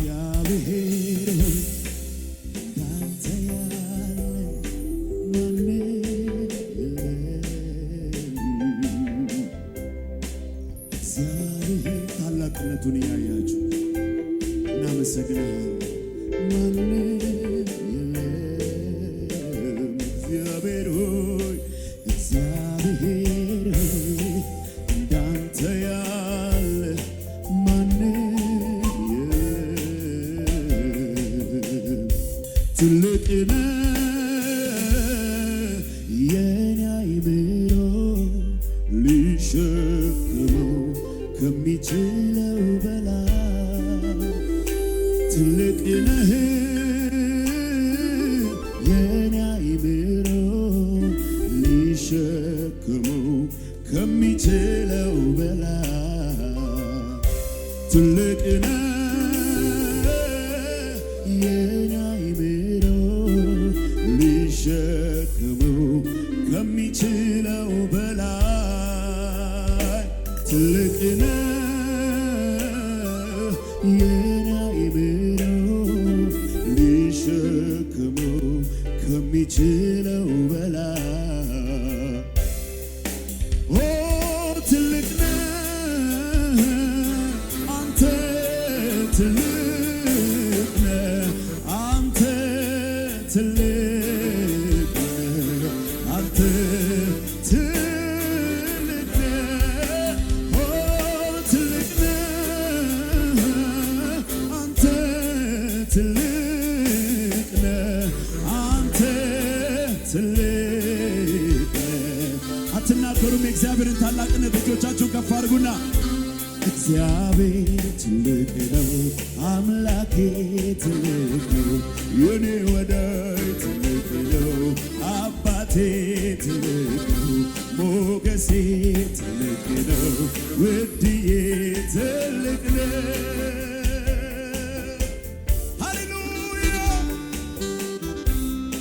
se alegrei. የራይ ምረው ሊሸክመው ከሚችለው በላ አትኖሩም። የእግዚአብሔርን ታላቅነት እጆቻችሁን ከፍ አድርጉና እግዚአብሔር ትልቅ ነው፣ አምላኬ ትልቅ ነው፣ የኔ ወዳይ ትልቅ ነው፣ አባቴ ትልቅ ነው፣ ሞገሴ ትልቅ ነው፣ ውድዬ ትልቅ ነው።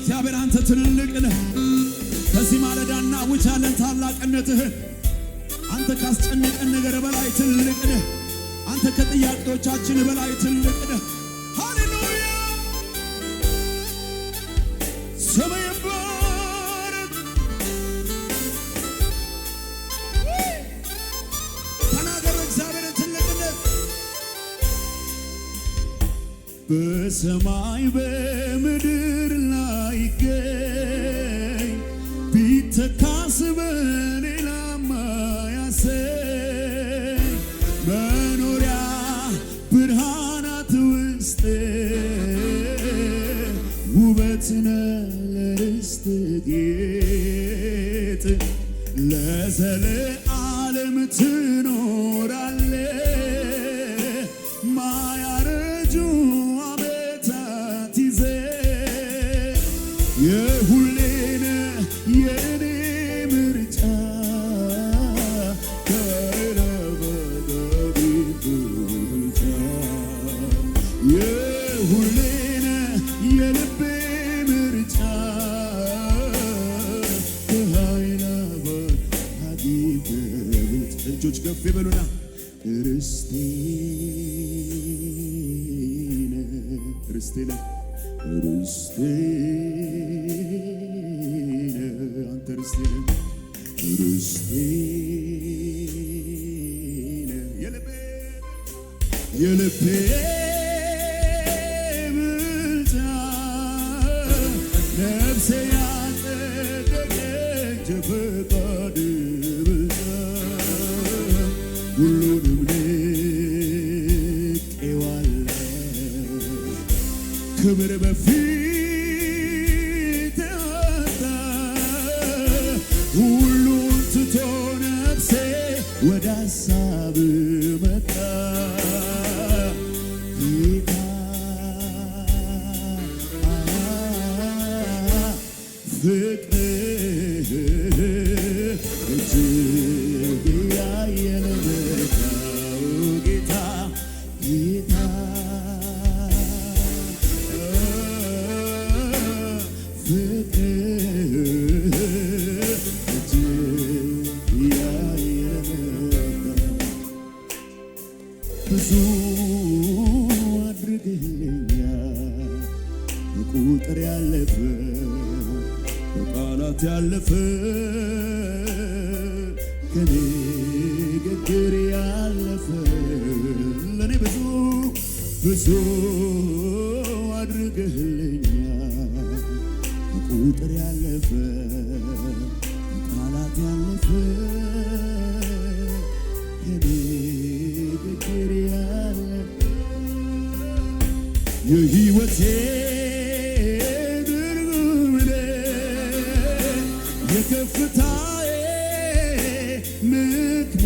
እግዚአብሔር አንተ ትልቅ ነህ። እንሰውቻለን ታላቅነትህን። አንተ ካስጨነቀን ነገር በላይ ትልቅ ነህ። አንተ ከጥያቄዎቻችን በላይ ትልቅ ነህ። ሃሌሉያ ስም ይባረክ። ትልቅነት በሰማይ በምድር ውበትነ ለርስት ጌጥ ለዘለ ዓለም እጆች ከፍ ይበሉና ርስቴ ርስቴ ርስቴ አንተ ርስቴ ርስቴ የልቤ የልቤ ክብር በፊት የህይወቴ ብርብሬ የከፍታዬ ምክንያት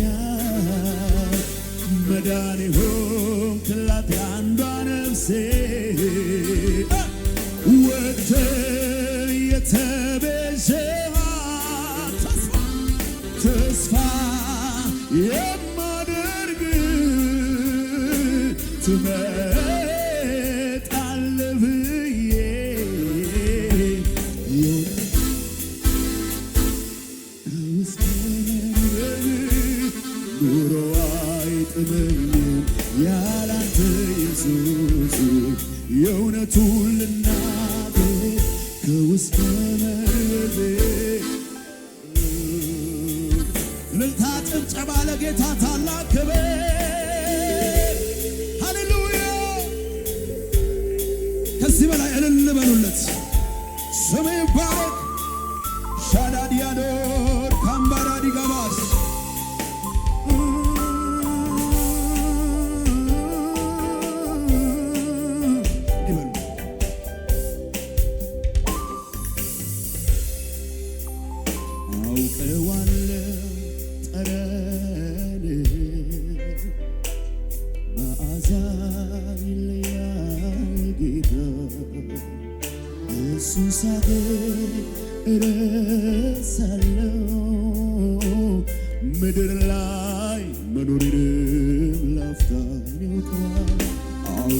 መዳን ሆንክላት አንዷ ነፍሴ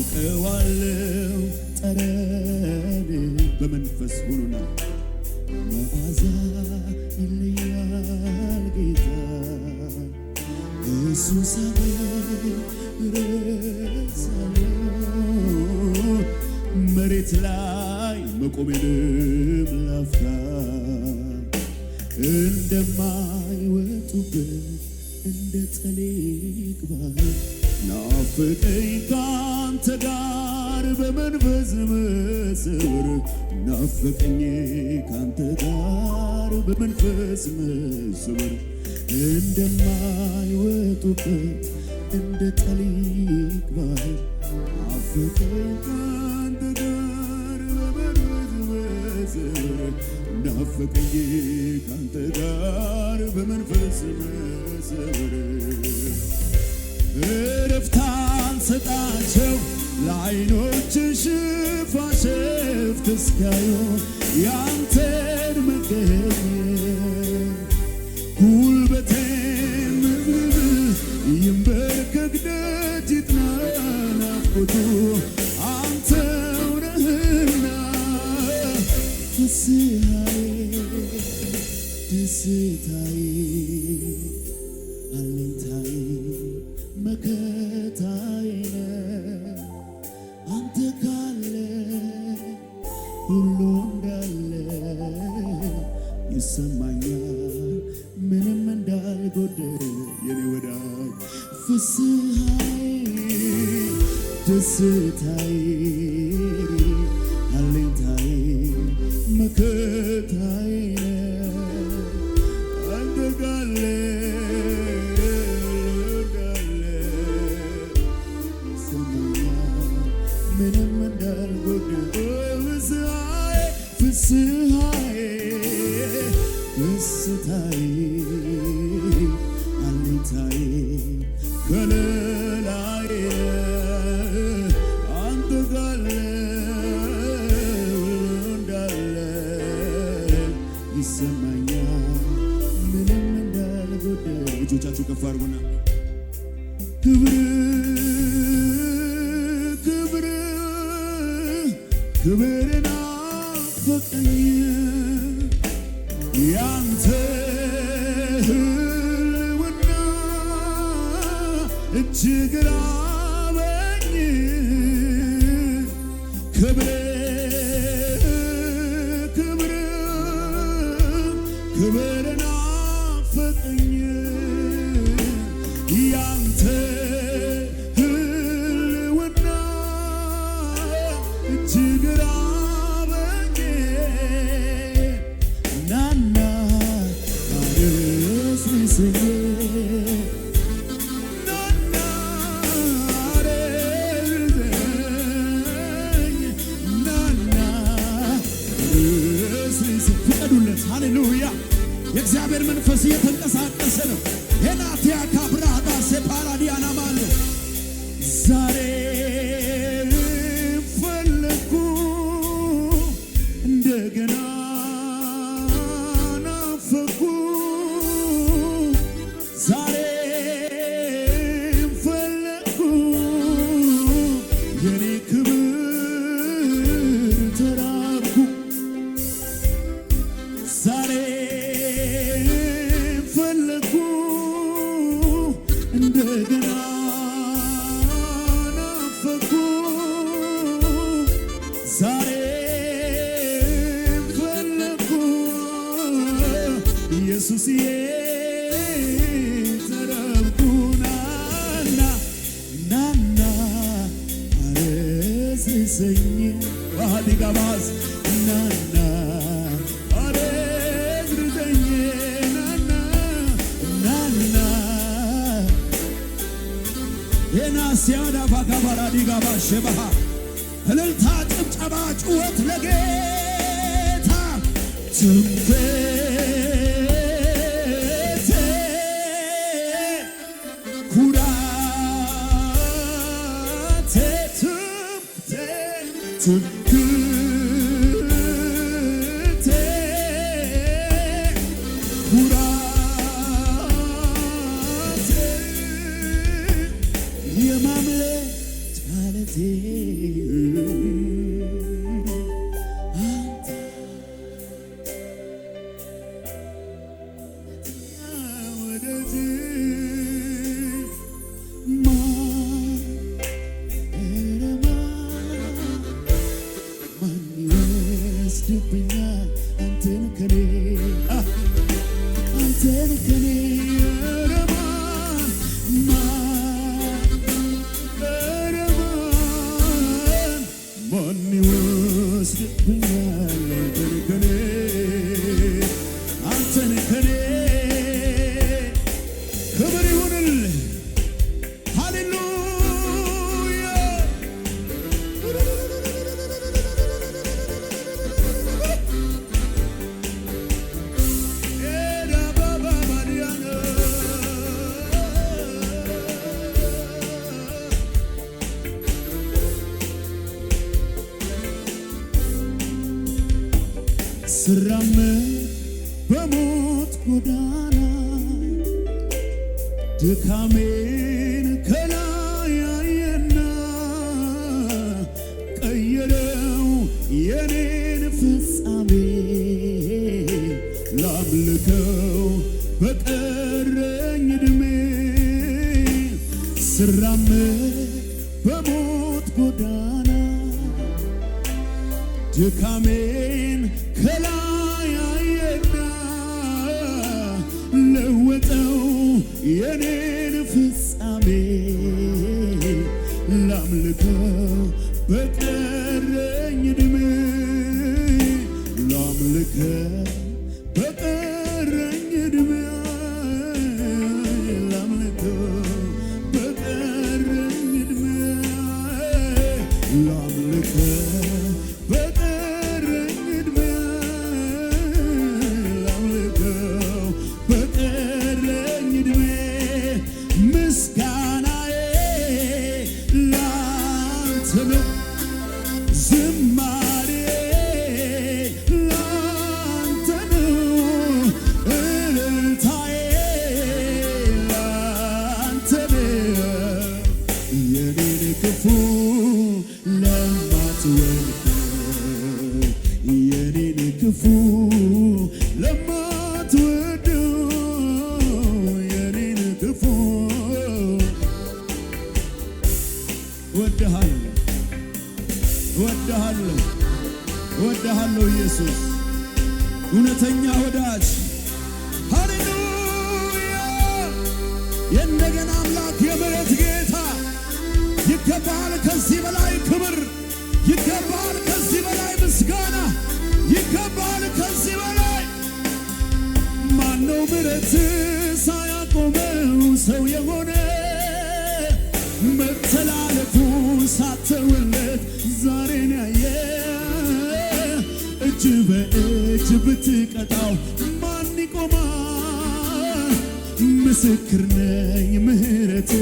አውቀዋለው ጠረን በመንፈስ ሆኖና መዓዛ ይለያል ጌታ እሱ ሳበ ረሳለ መሬት ላይ መቆሜንም ላፍታ እንደማይወጡበት እንደ ጠሌቅ ባህር ናፍቀኝ ካንተ ጋር በመንፈስ መሰር ናፍቀኝ ካንተ ጋር በመንፈስ መሰር እንደማይወጡበት እንደ ጠሊቅ ባህር ናፍቀኝ ካንተ ጋር በመንፈስ መሰር ናፍቀኝ ካንተ ጋር በመንፈስ መሰር እረፍታን ስጣቸው ለአይኖች ሽፋሽፍት እስኪያዩ ያንተን መገኘት እጆቻችሁ ከፍ አድርጉና ክብር ክብር ክብር ያሰኝ ባህዲጋባዝ እናና አረግርተኝ ናና ናና የናሲያና ፋካባራዲጋባ ሸባሃ እልልታ፣ ጭብጨባ፣ ጩኸት ለጌታ ስራመድ በሞት ጎዳና ድካሜን ከላይ ያየና ቀየረው የኔን ፍጻሜ ላምልከው በቀረኝ እድሜ ስራመድ በሞት ጎዳና ድካሜ የኔን ፍጻሜ ላምልከው ኢየሱስ እውነተኛ ወዳጅ ሃሌሉያ የእንደገና አምላክ የምሕረት ጌታ ይገባል ከዚህ በላይ ክብር ይገባል ከዚህ በላይ ምስጋና ይገባል ከዚህ በላይ ማነው ምሕረት ሳያቆመው ሰው የሆነ መተላለፉ ሳተውለት ዛሬን ያየ እጅ በእጅ ብትቀጣው ማን ይቆማል? ምስክር ነኝ ምህረት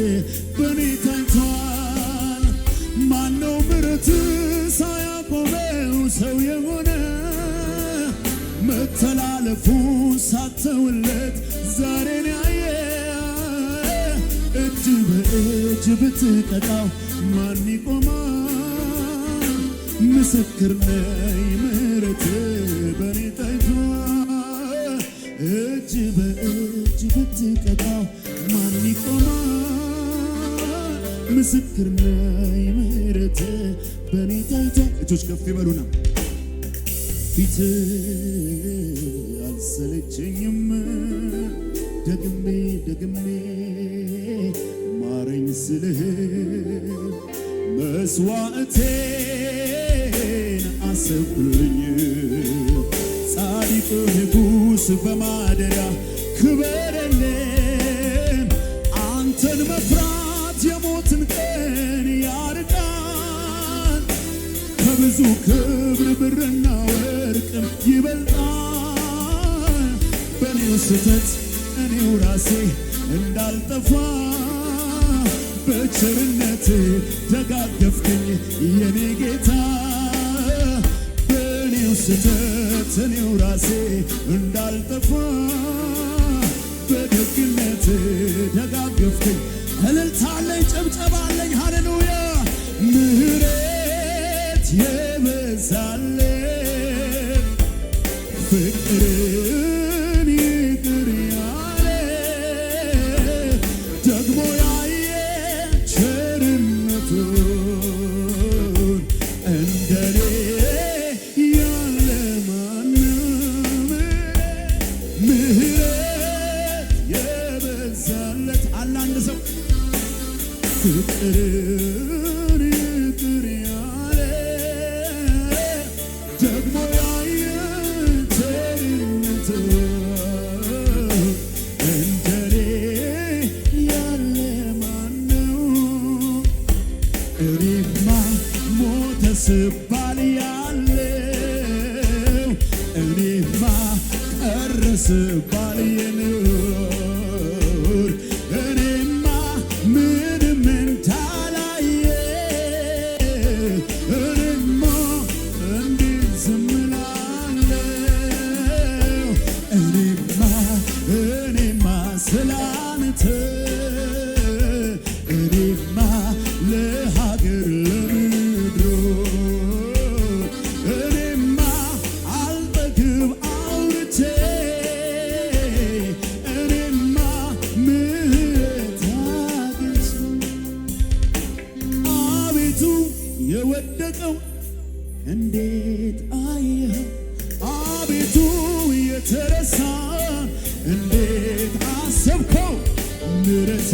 በኔ ታይቷል። ማነው ምረት ሳያቆመው ሰው የሆነ መተላለፉን ሳተውለት ዛሬን ያየ እጅ በእጅ ብትቀጣው ማን ይቆማል? ምስክር ነኝ በኔ ታይቷ እጅ በእጅ ብትቀጣ ማን ይቆማል? ምስክር ነይ ምህረት በኔ ታይቶ እጆች ከፍ ይበሉና ፊት አልሰለቸኝም ደግሜ ደግሜ ማረኝ ስልህ መስዋዕቴ አሰብኩኝ ጻዲቁ ንጉሥ በማደሪያ ክበረልን አንተን መፍራት የሞትን ቀን ያርቃል ከብዙ ክብር ብርና ወርቅም ይበልጣል በእኔው ስህተት እኔው ራሴ እንዳልጠፋ በቸርነት ደጋገፍከኝ የኔ ጌታ ስህተት እኔው ራሴ እንዳልጠፋ በደግነት ደጋገፍከኝ። እልልታ አለኝ፣ ጭብጨባ አለኝ። ሃሌሉያ ምህረት የበዛለ ፍቅር Lima, el resbal ነው እንዴት አየኸው አቤቱ የተረሳ እንዴት አሰብከው ምረት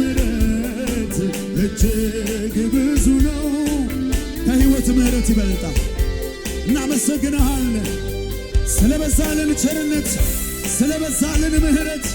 ምረት እጅግ ብዙ ነው ከህይወት ምህረት ይበልጣል እናመሰግንሃለን ስለበዛልን ቸርነት ስለበዛልን ምሕረት